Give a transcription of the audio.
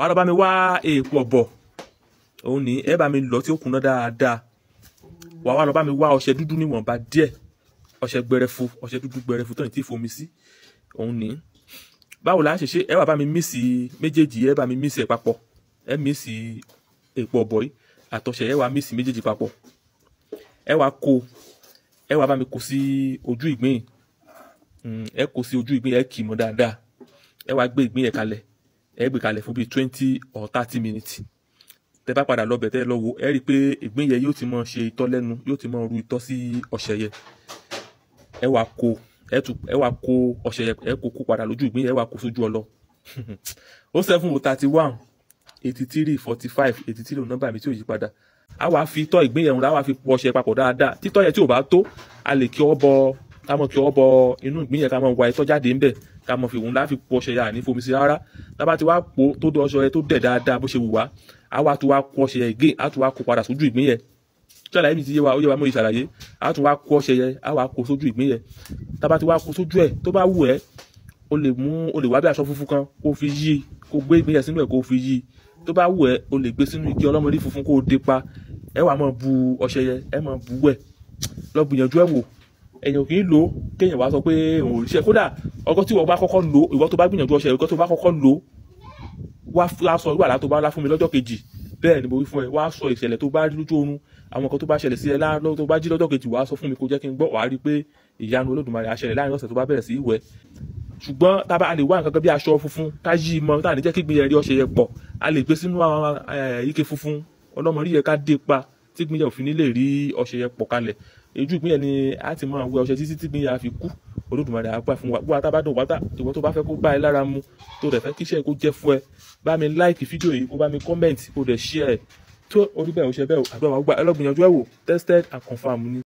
wàá lọ bá mi wa èèpo ọ̀bọ̀ òun ní ẹ bá mi lọ tí ó kúnná dáadáa wàá wá lọ bá mi wá ọṣẹ dúdú níwọ̀nba díẹ̀ ọṣẹ gbẹrẹfu ọṣẹ dúdú gbẹrẹfu tó ní tí fomi sí òun ní báwo la ṣe ṣe ẹ wà bá mi misi méjèèjì ẹ bá mi mísì ẹ papọ̀ ẹ mísì èèpo ọ̀bọ̀ yìí àtọṣẹ ẹ wà mísì méjèèjì papọ̀ ẹ wà kó ẹ wà bá mi kó sí ojú ìgbín ẹ kó sí ojú ìgbín ẹ kì í mọ dáadáa ẹ wà gbé ìgbín yẹn kalẹ̀ ẹ gbé kalẹ̀ fún bíi twenty or thirty minutes tẹ bá padà lọbẹ̀ tẹ lọ wo ẹ rí i pé ìgbín yẹ yóò ti máa ṣe itọ́ lẹ́nu yóò ti máa ru itọ́ sí ọṣẹ yẹ ẹ wàá kó ẹ tún ẹ wàá kó ọṣẹ yẹ ẹ kó kó padà lójú ìgbín ẹ wàá kó sójú ọlọ ó seven o thirty one eighty three forty five eighty three nọ́mbà mi tí ò yí padà a wàá fi itọ́ ìgbín yẹn rún la wàá fi pọ̀ ọṣẹ papọ̀ dáadáa títọ́ yẹ tí ò bá tó a lè kí ọ bọ ká mọ̀ kí ọ bọ inú ìgbín yẹn ká mọ̀ wá itọ́ jáde ńbẹ̀ ká mọ̀ fi òun láfi pọ̀ ọṣẹ yà ní fomi sí rárá tábà ti wá po tó dọ ọṣẹ yẹn tó dẹ̀ dáadáa bó ṣe wù wá á wá tó wá kó ọṣẹ yẹn again á tó wá kó padà sójú ìgbín yẹn ṣàlàyé mi ti yé wa ó yẹ wa mo ìṣàlàyé á tún wá kó ọṣẹ yẹn á wá kó sójú ìgbín yẹn tábà ti wá kó sójú ẹ tó bá wù ẹ o lè mú o lè wá bí aṣọ funfun kan kó fi yí kó gbé ìgbín yẹn sínú ẹ kó fi yí tó bá wù ẹ o lè gbé sínú igi ọlọ́mọdé funfun kó o dé pa ẹ wà máa bu ọṣẹ yẹn ẹ máa bu wẹ lọ gbìyànjú ẹ wò ẹ̀yìn òkè ń lò kéèyàn wá sọ pé òun ò ṣe kódà ọkọ tí ìwọ bá kọ́kọ́ lò ìwọ tó bá gbìyànjú ọṣẹ ìwọ tó bá kọ́kọ́ lò wá sọ ìwà látó bá lá fún mi lọ́jọ́ kejì bẹ́ẹ̀ ni mo wí fún ẹ wá sọ ìṣẹ̀lẹ̀ tó bá rí lójú oorun àwọn nǹkan tó bá ṣẹlẹ̀ sí ẹ láàárọ̀ tó bá jí lọ́jọ́ kejì wá sọ fún mi kó jẹ́ kí n gbọ́ wàá rí i pé ìyanu olódùmarè àṣẹlẹ̀ láàrin ọ̀sẹ̀ tó bá bẹ̀rẹ̀ sí ìwẹ̀ ṣùgbọ́n tá a lè wá nǹkan bí aṣọ funfun ká yí i mọ tá à ní jẹ́ kí gbìyànjú ọṣẹ yẹ pọ̀ a lè gbé sínú ike funfun ọlọ́mọ yẹ ká dé pa tí ìpínlẹ̀ òfin nílè rí ọṣẹ yẹn pọ̀ kalẹ̀ ojú ìpínlẹ̀ ni a ti máa wẹ ọṣẹ títí tí ìpínlẹ̀ àfi kú olódùmarè àgbà fún wa bó wa tá bá dùn wá tá ìwọ tó bá fẹ́ kó bá ẹ lára mu tó dẹ̀ fẹ́ kíṣẹ́ kó jẹ́ fún ẹ bá mi láìkì fídíò yìí kó bá mi kọ́mẹ̀ntì kó dẹ̀ ṣí ẹ tó orí bẹ́ẹ̀ ò ṣe bẹ́ẹ̀ àdúrà wa gbà ẹ lọ́gbìyànjú ẹ wò tested and